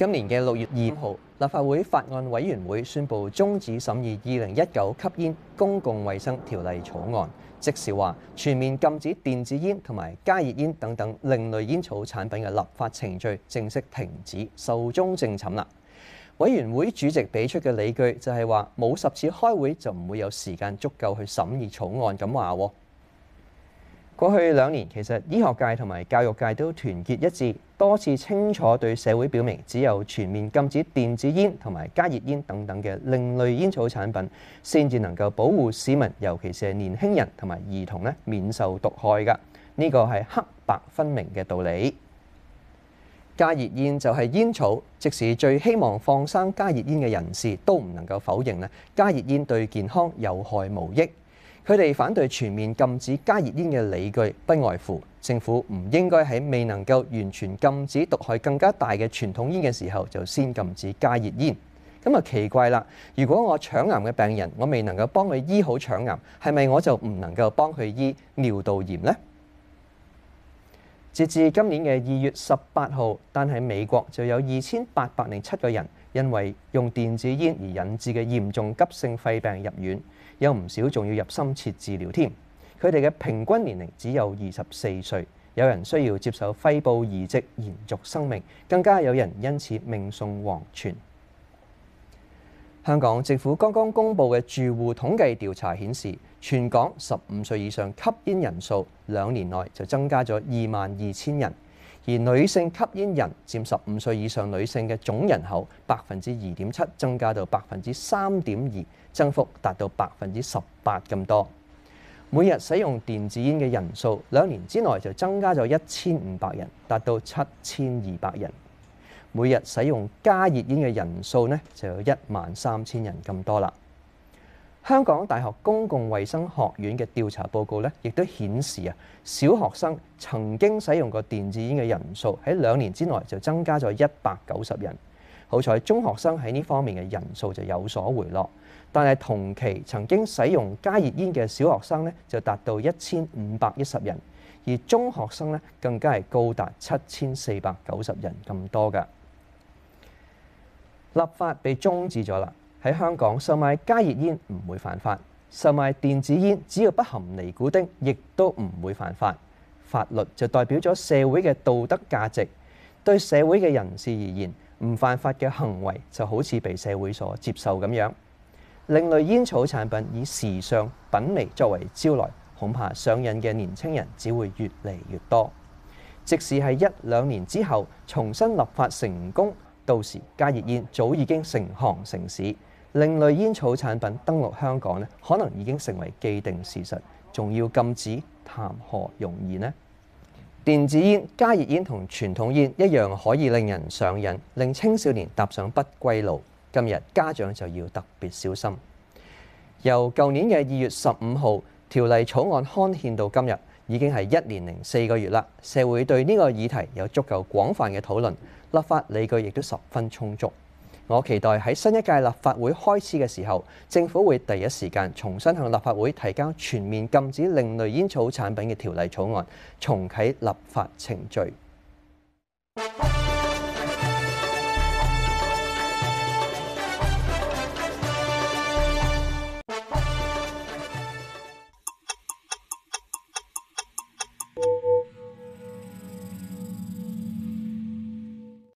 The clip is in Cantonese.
今年嘅六月二號，立法會法案委員會宣布終止審議《二零一九吸煙公共衛生條例草案》，即是話全面禁止電子煙同埋加熱煙等等另類煙草產品嘅立法程序正式停止，壽終正寢啦。委員會主席俾出嘅理據就係話冇十次開會就唔會有時間足夠去審議草案，咁話。過去兩年，其實醫學界同埋教育界都團結一致，多次清楚對社會表明，只有全面禁止電子煙同埋加熱煙等等嘅另類煙草產品，先至能夠保護市民，尤其是係年輕人同埋兒童呢免受毒害㗎。呢個係黑白分明嘅道理。加熱煙就係煙草，即使最希望放生加熱煙嘅人士，都唔能夠否認呢加熱煙對健康有害無益。佢哋反對全面禁止加熱煙嘅理據，不外乎政府唔應該喺未能夠完全禁止毒害更加大嘅傳統煙嘅時候，就先禁止加熱煙。咁啊奇怪啦！如果我腸癌嘅病人，我未能夠幫佢醫好腸癌，係咪我就唔能夠幫佢醫尿道炎呢？截至今年嘅二月十八號，單喺美國就有二千八百零七個人。因為用電子煙而引致嘅嚴重急性肺病入院，有唔少仲要入深切治療添。佢哋嘅平均年齡只有二十四歲，有人需要接受肺部移植延續生命，更加有人因此命送黃泉。香港政府剛剛公佈嘅住戶統計調查顯示，全港十五歲以上吸煙人數兩年內就增加咗二萬二千人。而女性吸煙人佔十五歲以上女性嘅總人口百分之二點七，增加到百分之三點二，增幅達到百分之十八咁多。每日使用電子煙嘅人數，兩年之內就增加咗一千五百人，達到七千二百人。每日使用加熱煙嘅人數呢，就有一萬三千人咁多啦。香港大學公共衛生學院嘅調查報告咧，亦都顯示啊，小學生曾經使用過電子煙嘅人數喺兩年之內就增加咗一百九十人。好彩中學生喺呢方面嘅人數就有所回落，但係同期曾經使用加熱煙嘅小學生咧，就達到一千五百一十人，而中學生咧，更加係高達七千四百九十人咁多噶。立法被中止咗啦。喺香港售賣加熱煙唔會犯法，售賣電子煙只要不含尼古丁，亦都唔會犯法。法律就代表咗社會嘅道德價值，對社會嘅人士而言，唔犯法嘅行為就好似被社會所接受咁樣。另類煙草產品以時尚品味作為招來，恐怕上癮嘅年輕人只會越嚟越多。即使係一兩年之後重新立法成功，到時加熱煙早已經成行成市。另類煙草產品登陸香港呢，可能已經成為既定事實，仲要禁止，談何容易呢？電子煙、加熱煙同傳統煙一樣，可以令人上癮，令青少年踏上不歸路。今日家長就要特別小心。由舊年嘅二月十五號條例草案刊憲到今日，已經係一年零四個月啦。社會對呢個議題有足夠廣泛嘅討論，立法理據亦都十分充足。我期待喺新一屆立法會開始嘅時候，政府會第一時間重新向立法會提交全面禁止另類煙草產品嘅條例草案，重啟立法程序。